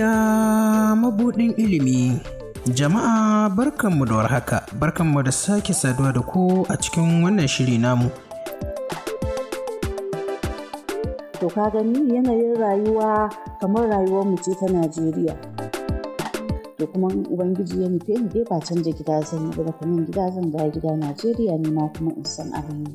Tarbiyya mabuɗin ilimi. Jama'a barkanmu da warhaka, barkanmu da sake saduwa da ku a cikin wannan shiri namu. To ka gani yanayin rayuwa kamar rayuwar mu ce ta Najeriya. To kuma Ubangiji ya nufe ni dai ba canja gida zan yi ba da kuma gida zan ga gida Najeriya ne ma kuma in san abin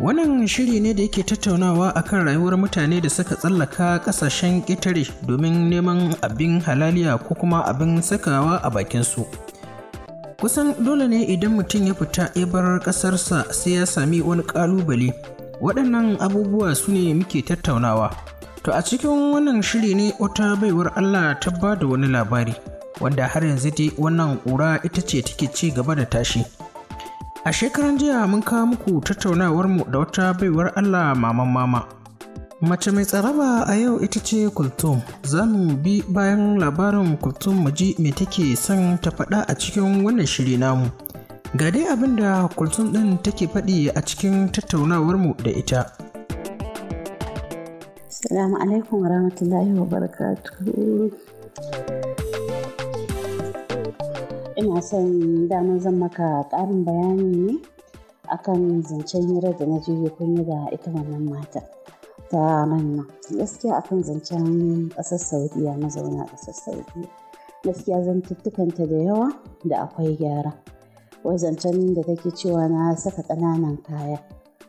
Wannan shiri ne da yake tattaunawa a kan rayuwar mutane da suka tsallaka ƙasashen ƙetare domin neman abin halaliya ko kuma abin sakawa a bakinsu. Kusan dole ne idan mutum ya fita ya bar ƙasarsa sai ya sami wani ƙalubale. Waɗannan abubuwa su ne muke tattaunawa. To a cikin wannan shiri ne wata baiwar Allah ta ba da wani labari, wanda har yanzu dai wannan ƙura ita ce take ci gaba da tashi. A shekaran jiya mun kawo muku tattaunawarmu da wata baiwar Allah maman mama. Mace mai tsaraba a yau ita ce Kultum. Za mu bi bayan labarin Kultum mu ji me take son ta faɗa a cikin wannan shiri namu. Ga dai abin da Kultum ɗin take faɗi a cikin tattaunawarmu da ita. Salamu alaikum wa rahmatullahi wa barakatuhu. ina son dama zan maka ƙarin bayani ne akan zancen hirar da na je kun yi da ita wannan mata ta manna gaskiya akan zancen ƙasar saudiya mazauna ƙasar saudiya gaskiya zan zantuttukanta da yawa da akwai gyara wai zancen da take cewa na saka ƙananan kaya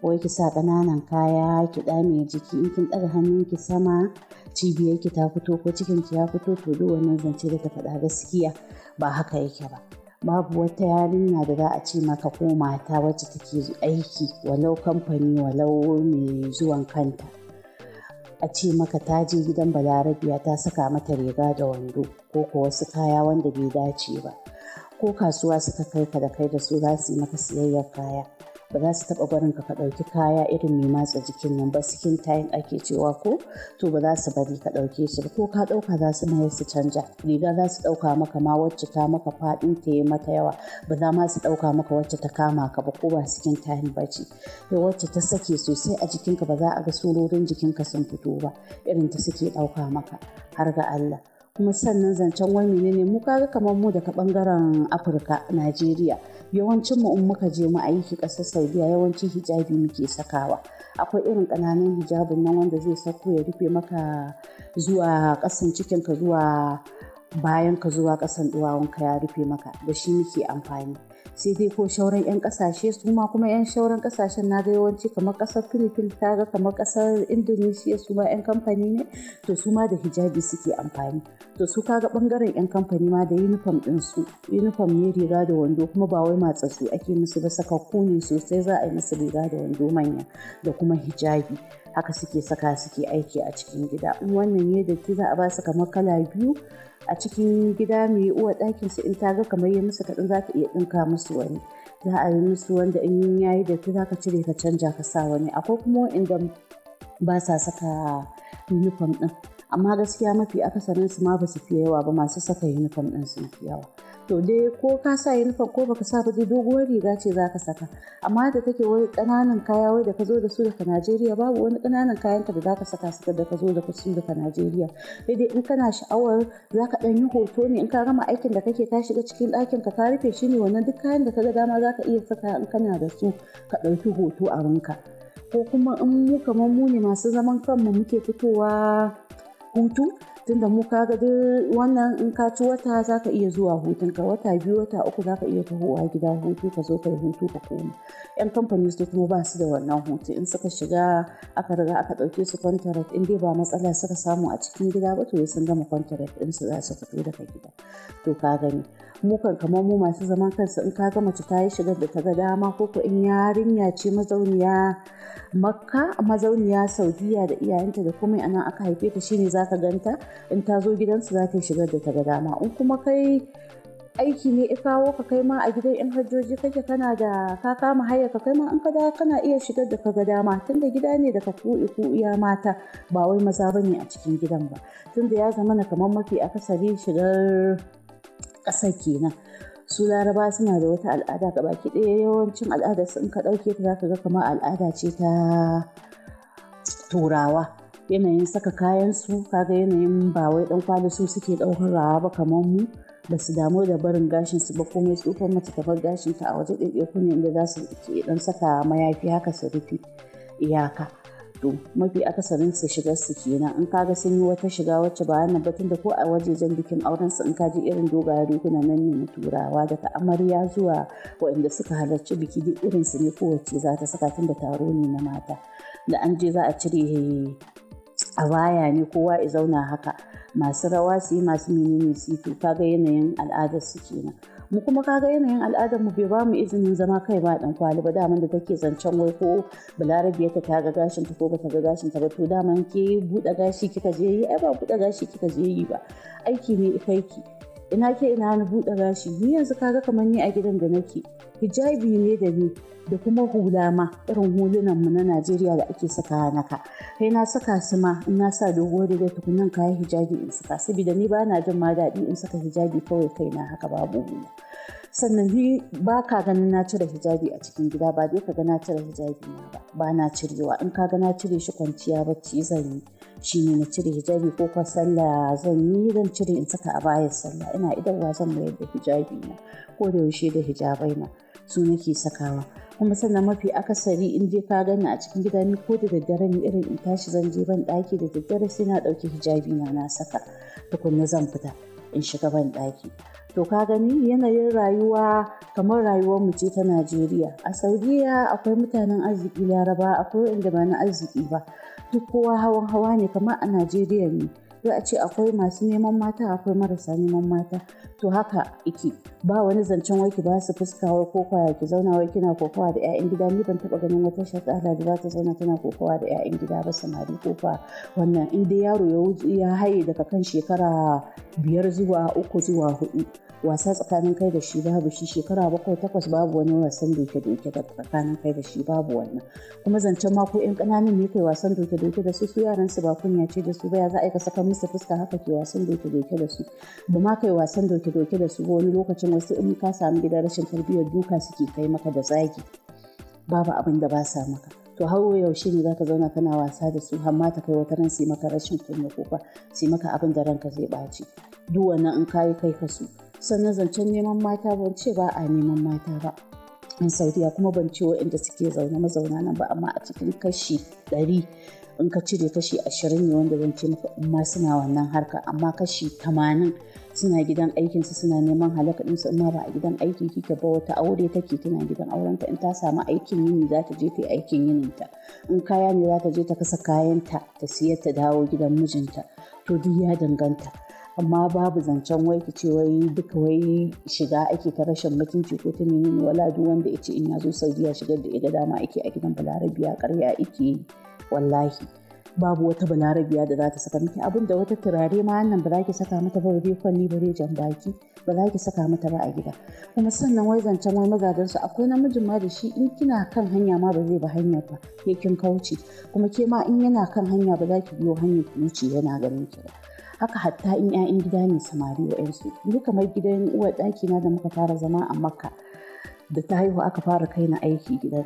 wai ki sa ƙananan kaya ki ɗame jiki in kin ɗaga hannun ki sama cibiyarki ta fito ko ki ya fito to duk wannan zance da ta faɗa gaskiya ba haka yake ba babu wata yarinya da za a ce maka ko mata wacce take aiki walau kamfani walau mai zuwan kanta a ce maka ta je gidan balarabiya ta saka mata riga da wando ko ko wasu kaya wanda bai dace ba ko kasuwa suka kai ka da kai da su za su yi maka siyayyar kaya ba za su taɓa barin ka ka ɗauki kaya irin mai matsa jikin nan ba cikin tayin ake cewa ko to ba za su bari ka ɗauke shi ba ko ka ɗauka za su mayar su canja riga za su ɗauka maka ma wacce ta maka faɗin ta yi mata yawa ba za ma su ɗauka maka wacce ta kama ka ba ko ba cikin tayin ba ce to wacce ta sake sosai a jikinka ba za a ga surorin jikinka sun fito ba irin ta suke ɗauka maka har ga Allah kuma sannan zancen wai menene mu kaga kamar mu daga bangaren afirka najeriya yawancin mu in muka je mu aiki ƙasar saudiya yawancin hijabi muke sakawa akwai irin ƙananan hijabin nan wanda zai sako ya rufe maka zuwa ƙasan cikin ka zuwa bayan ka zuwa kasan duwawun ka ya rufe maka da shi muke amfani sai dai ko shauran 'yan kasashe su ma kuma 'yan shauran kasashen na ga yawanci kamar kasar filifin ta ga kamar kasar indonesia su ma 'yan kamfani ne to su ma da hijabi suke amfani to su kaga bangaren 'yan kamfani ma da uniform din su uniform ne riga da wando kuma ba wai matsatsu ake musu ba saka ne sosai za a yi musu riga da wando manya da kuma hijabi haka suke saka suke aiki a cikin gida in wannan ne da za a ba su kamar kala biyu a cikin gida mai uwa ɗakin su in ta ga kamar yi musu kaɗan za ta iya ɗinka musu wani za a yi musu wanda in ya yi da ta za ka cire ka canja ka sa wani akwai kuma inda ba sa saka uniform ɗin amma gaskiya mafi akasarin su ma ba su fi yawa ba masu saka uniform ɗin sun fi yawa to dai ko ka sa uniform ko baka sa baki doguwar riga ce za ka saka amma da take wani kananan kaya wai da ka zo da su daga Najeriya babu wani kananan kayan ka da za ka saka su da ka zo da su daga Najeriya sai dai in kana sha'awar za ka ɗan yi hoto ne in ka gama aikin da kake ka shiga cikin ɗakin ka ka rufe shi ne wannan duk kayan da ka ga dama za ka iya saka in kana da su ka ɗauki hoto a ranka ko kuma in mu kamar mu ne masu zaman kanmu muke fitowa hutu tunda mu kaga duk wannan in ka ci wata zaka iya zuwa hutun ka wata biyu wata uku zaka iya tahowa gida hutu ka zo ka yi hutu ka koma yan kamfani su kuma ba su da wannan hutu in suka shiga aka riga aka ɗauke su contract in dai ba matsala suka samu a cikin gida ba to sun gama contract din su za su fito daga gida to ka gani mukan kamar mu masu zaman kansu in ka ga mace ta yi shigar da ta ga dama ko in yarinya ce mazauniya makka mazauniya saudiya da iyayenta da kuma anan aka haife ta shine zaka ganta in ta zo gidansu za ta shigar da ta ga dama in kuma kai aiki ne ya kawo ka kai ma a gidan yan hajjoji kake kana da ka kama haya ka kai ma an kada kana iya shigar da kaga dama da gida ne da daga kuɗi-kuɗi iya mata ba wai maza bane a cikin gidan ba tun da ya zama na kamar mafi akasari shigar ƙasar kenan su laraba suna da wata al'ada ga baki ɗaya yawancin al'ada su in ka ɗauke ta zaka ga kamar al'ada ce ta turawa yanayin saka kayan su kaga yanayin ba wai dan kwali su suke rawa ba kamar mu ba su damu da barin gashin su ba komai tsufan mace ta bar gashin ta a waje ɗaiɗaiku ne inda za su ke dan saka mayafi haka su rufe iyaka to mafi akasarin su shigar su kenan in kaga sun yi wata shiga wacce ba wannan ba tunda ko a wajejen bikin auren su in ka ji irin dogaye riguna nan ne na turawa daga amarya zuwa waɗanda suka halarci biki duk irin su ne kowace za ta saka tunda taro ne na mata da an je za a cire a baya ne kowa ya zauna haka masu rawa su yi masu menene su yi to kaga yanayin al'adar su kenan mu kuma kaga yanayin al'adar mu bai ba mu izinin zama kai ba dan kwali ba daman da take zancen wai ko balarabiya ta ga gashin ta ko ba ta ga gashin ta ba to daman ke buɗe gashi kika je yi ai ba buɗe gashi kika je yi ba aiki ne kai ki ina ke ina na buɗe gashi ni yanzu kaga kamar ni a gidan da nake hijabi ne da ni da kuma hula ma irin hulunan mu na Najeriya da ake saka naka kai na saka su ma in na sa dogo da tukunan kayan hijabi in saka saboda ni ba na jin ma daɗi in saka hijabi kawai kai na haka babu hula sannan ni ba ka ganin na cire hijabi a cikin gida ba dai ka ga na cire hijabi ba ba na cirewa in ka ga na cire shi kwanciya bacci zan yi Shi ne na cire hijabi ko kwa sallah zan yi zan cire in saka a bayan sallah ina idan wa zan mayar da hijabi na ko da yaushe da hijabai na su nake sakawa kuma sannan mafi akasari in je ka gani a cikin gida ni ko da daddare ni irin in tashi zan je ban daki da daddare sai na ɗauki hijabi na na saka tukunna zan fita in shiga ban daki to ka gani yanayin rayuwa kamar rayuwar mu ce ta Najeriya a Saudiya akwai mutanen arziki Laraba akwai inda ba na arziki ba duk kowa hawan hawa ne kamar a najeriya ne za a ce akwai masu neman mata akwai marasa neman mata to haka iki ba wani zancen wai ki ba su fuska wai ko kwaya ki zauna wai kina kokawa da ƴaƴan gida ni ban taba ganin wata shakala da za ta zauna tana kokawa da ƴaƴan gida ba samari ko fa wannan in dai yaro ya haye daga kan shekara biyar zuwa uku zuwa hudu wasa tsakanin kai da shi babu shi shekara bakwai takwas babu wani wasan doke doke da tsakanin kai da shi babu wannan kuma zancen ma ko yan kananan ne kai wasan doke doke da su su yaran su ba kunya ce da su ba za a yi ka saka musu fuska haka ke wasan doke doke da su ba ma kai wasan doke doke da su ba wani lokacin wasu in ka samu gida rashin tarbiyyar duka suke kai maka da zagi babu abin da ba sa maka to har yaushe ne zaka zauna kana wasa da su har ta kai wata ran su maka rashin kunya ko ba su maka abin da ranka zai ɓaci duk wannan in kayi kai ka su sannan zancen neman mata ban ce ba a neman mata ba in saudiya kuma ban ce waɗanda suke zaune mazauna nan ba amma a cikin kashi ɗari in ka cire kashi ashirin ne wanda zan ce maka in suna wannan harka amma kashi tamanin suna gidan aikinsu suna neman halakaɗinsu in ma ba a gidan aiki kike ba wata aure take tana gidan aurenta in ta samu aikin yini za ta je ta yi aikin ta in kaya ne za ta je ta kasa kayanta ta siyar ta dawo gidan mijinta to duk ya danganta amma babu zancen wai ki ce wai duka wai shiga ake ta rashin mutunci ko ta menene wala duk wanda ya ce in yazo saudiya shigar da ga dama ake a gidan balarabiya karya ake wallahi babu wata balarabiya da za ta saka miki da wata turare ma nan ba za ki saka mata ba bare kwalli ba zai jan baki ba za ki saka mata ba a gida kuma sannan wai zancen wai mazajen su akwai namijin ma da shi in kina kan hanya ma ba zai ba hanya ba ke kin kauce kuma ke ma in yana kan hanya ba za ki biyo hanya ki wuce yana ganin ki ba haka hatta in 'ya'yan gida ne samari wa'yansu ni kamar gidan uwa ɗaki na da muka fara zama a makka da ta haihu aka fara kai na aiki gidan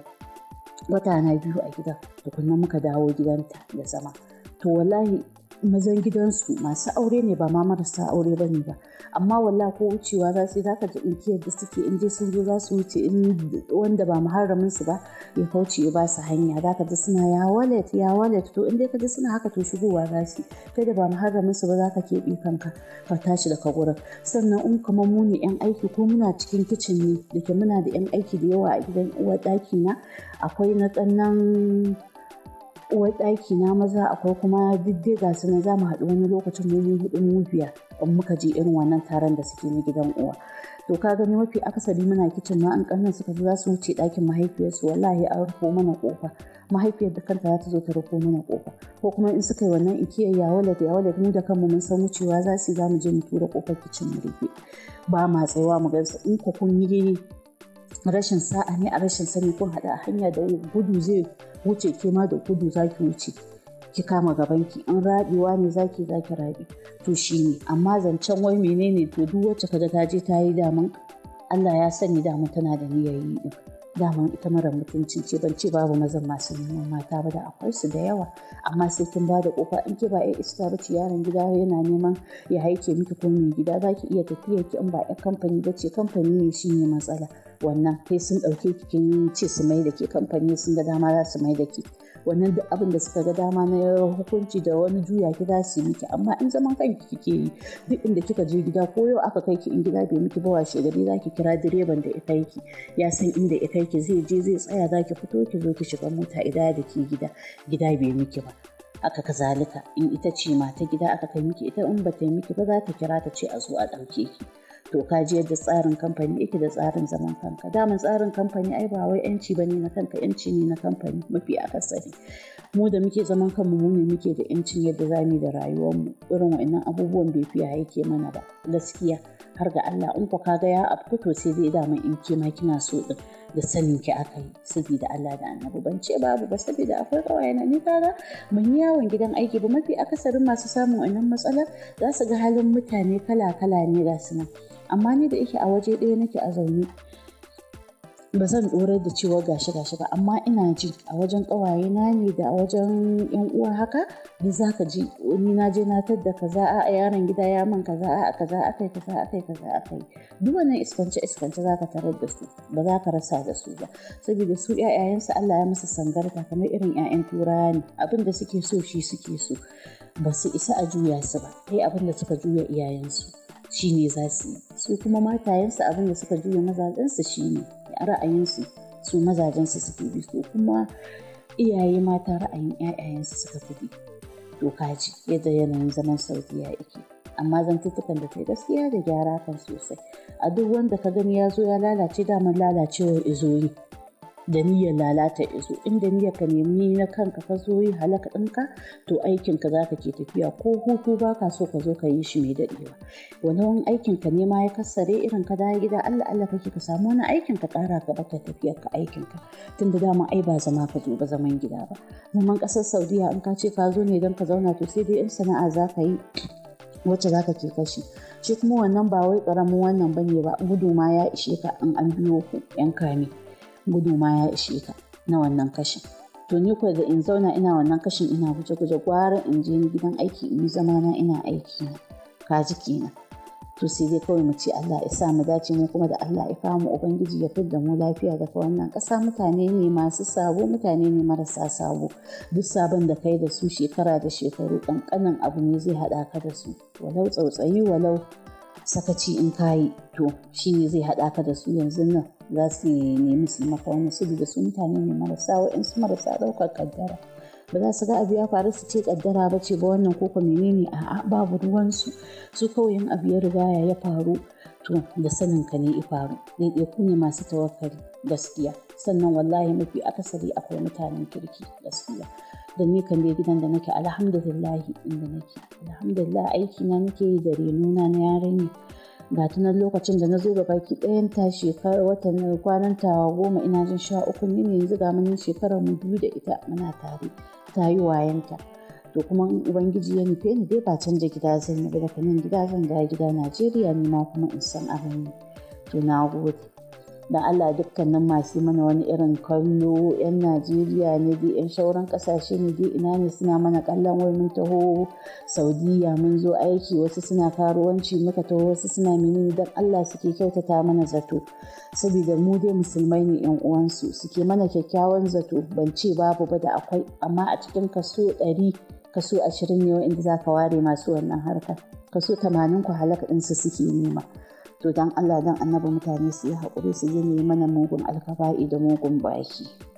wata na biyu a gidan tukunna muka dawo gidanta da zama to wallahi mazan gidansu masu aure ne ba ma marasa aure ba ne ba amma walla ko wucewa za su za ka ji inkiyar da suke in je sun zo za su wuce in wanda ba muharramin ba ya kauce ya ba su hanya za ka ji suna ya walet ya walet to in dai ka ji suna haka to shigowa za su kai da ba muharramin su ba za ka keɓe kanka ka tashi daga gurin sannan in kamar mu ne yan aiki ko muna cikin kicin ne da ke muna da yan aiki da yawa a gidan uwa ɗaki na akwai na tsannan uwar ɗaki na maza akwai kuma diddai ga su na za mu haɗu wani lokacin mu hudu mu biya in muka je irin wannan taron da suke na gidan uwa to ka gani mafi akasari muna kicin ma an kannan suka za su wuce ɗakin mahaifiyarsu wallahi an rufo mana kofa mahaifiyar da kanta za ta zo ta rufo mana kofa ko kuma in suka yi wannan ikiya ya wala da ya wala mu da kanmu mun san wucewa za su za mu je mu tura kofar kicin mu rufe ba ma tsayawa mu gaisa in ko kun yi rashin sa'a ne a rashin sani kun a hanya da gudu zai wuce ke ma da gudu za ki wuce ki kama gaban ki in raɗewa ne zaki ki raɗe to shi ne amma zancen wai menene to duk wacce ka ta je ta yi daman Allah ya sani daman tana da niyyar yi din daman ita mara mutuncin ce ban ce babu mazan masu neman mata ba da akwai su da yawa amma sai kin ba da kofa in ki ba ya iska ba ce yaron gida yana neman ya haike miki ko mai gida za ki iya tafiya ki in ba ya kamfani ba ce kamfani ne shi ne matsala wannan kai sun ɗauke ki ce su mai da ke kamfani sun ga dama za su mai da ke wannan duk abin da suka ga dama na yawan hukunci da wani juya ki za su yi miki amma in zaman kanki kike yi duk inda kika je gida ko yau aka kai ki in gida bai miki ba washe gari za ki kira direban da ya kai ya san inda ya kai zai je zai tsaya za ki fito ki zo ki shiga mota idan da ke gida gida bai miki ba aka kazalika in ita ce mata gida aka kai miki ita in ba ta yi miki ba za ta kira ta ce a zo a ɗauke ki to ka ji yadda tsarin kamfani yake da tsarin zaman kanka daman tsarin kamfani ai ba wai yanci bane na kanka yanci ne na kamfani mafi akasari mu da muke zaman kanmu mu ne muke da yancin yadda zamu da rayuwarmu irin wa'annan abubuwan bai fiya haike mana ba gaskiya har ga Allah in ka ga ya afku to sai dai dama in ke ma kina so din da sanin ki aka yi saboda Allah da annabi ban ce babu ba saboda akwai kawai na ni kaga mun yawon gidan aiki ba mafi akasarin masu samun wannan matsalar za su ga halin mutane kala kala ne ga su nan amma ni da yake a waje ɗaya nake a zaune ba zan ɗorar da cewa gashi gashi ba amma ina ji a wajen kawaye na ne da a wajen yan uwa haka za ka ji ni na je na tadda kaza a yaron gida ya man kaza a kaza akai kaza akai kaza akai duk wannan iskance iskance zaka tarar da su ba za ka rasa da su ba saboda su ƴaƴayensu Allah ya musu sangarta kamar irin ƴaƴan turawa ne abin da suke so shi suke so ba su isa a juya su ba Kai abin da suka juya iyayensu shi ne za su yi su kuma matayensu abin da suka juya mazajensu shi ne ra'ayinsu su mazajensu suke bi su kuma iyaye mata ra'ayin 'ya'yayensu suka fi bi to kaji yadda yanayin zaman ya ike amma zan zantuttukan da ta gaskiya da gyara kan sosai a duk wanda ka gani ya zo ya lalace daman lalacewar izoyi da niyyar lalata iso inda niyyar ka nemi na kanka ka zo yi halaka ɗinka to aikin ka za ke tafiya ko hutu ba ka so ka zo ka yi shi mai daɗewa wani wani aikin ka ne ma ya kassare irin ka dawo gida Allah Allah kake ka samu wani aikin ka ƙara ka bata tafiyar ka aikin ka tunda dama ai ba zama ka zo ba zaman gida ba zaman ƙasar Saudiya in ka ce ka zo ne don ka zauna to sai dai in sana'a za yi wacce za ka ke kashi shi kuma wannan ba wai ƙaramin wannan bane ba gudu ma ya ishe ka in an biyo ku yan kame Guduma ya ishe ka na wannan kashin to ni kuwa da in zauna ina wannan kashin ina guje-guje gwara in je gidan aiki in yi zama na ina aiki na kaji kenan to sai dai kawai mu ce Allah ya sa mu dace mu kuma da Allah ya kawo mu ubangiji ya fidda mu lafiya daga wannan kasa mutane ne masu sabo mutane ne marasa sabo duk sabon da kai da su shekara da shekaru ƙanƙanin abu ne zai haɗa ka da su walau tsautsayi walau sakaci in kayi to shi ne zai haɗa ka da su yanzu nan za su nemi su maka wani su da su mutane ne marasa wa'insu marasa ɗaukar kaddara ba za su ga abu ya faru su ce kaddara ba ce ba wannan koko menene a'a babu ruwansu su kawai yin abu ya riga ya faru to da sanin ka ne ya faru ku ne masu tawakkali gaskiya sannan wallahi mafi akasari akwai mutanen kirki gaskiya da ni kan bai gidan da nake alhamdulillah inda nake alhamdulillah aiki na nake yi da renuna na yarinya ga tunan lokacin da na zo ga baki ɗayan ta shekarar watan kwanan ta goma ina jin sha uku ne ne yanzu ga mun shekarar mu biyu da ita muna tare ta yi wayanta to kuma ubangiji ya nufe ni dai ba canja gida zan yi ba daga nan gida zan ga gida Najeriya ne ma kuma in san abin to na gode na Allah dukkanin masu mana wani irin kallo 'yan Najeriya ne dai 'yan shauran kasashe ne dai ina ne suna mana kallon wai mun taho Saudiya mun zo aiki wasu suna karuwanci muka taho wasu suna menene dan Allah suke kyautata mana zato saboda mu dai musulmai ne 'yan uwansu suke mana kyakkyawan zato ban ce babu ba da akwai amma a cikin kaso 100 kaso 20 ne wa'inda za ka ware masu wannan harka kaso tamanin ku halaka ɗinsu suke nema to dan Allah dan annabi mutane su yi haƙuri su yi mana mugun alkaba'i da mugun baki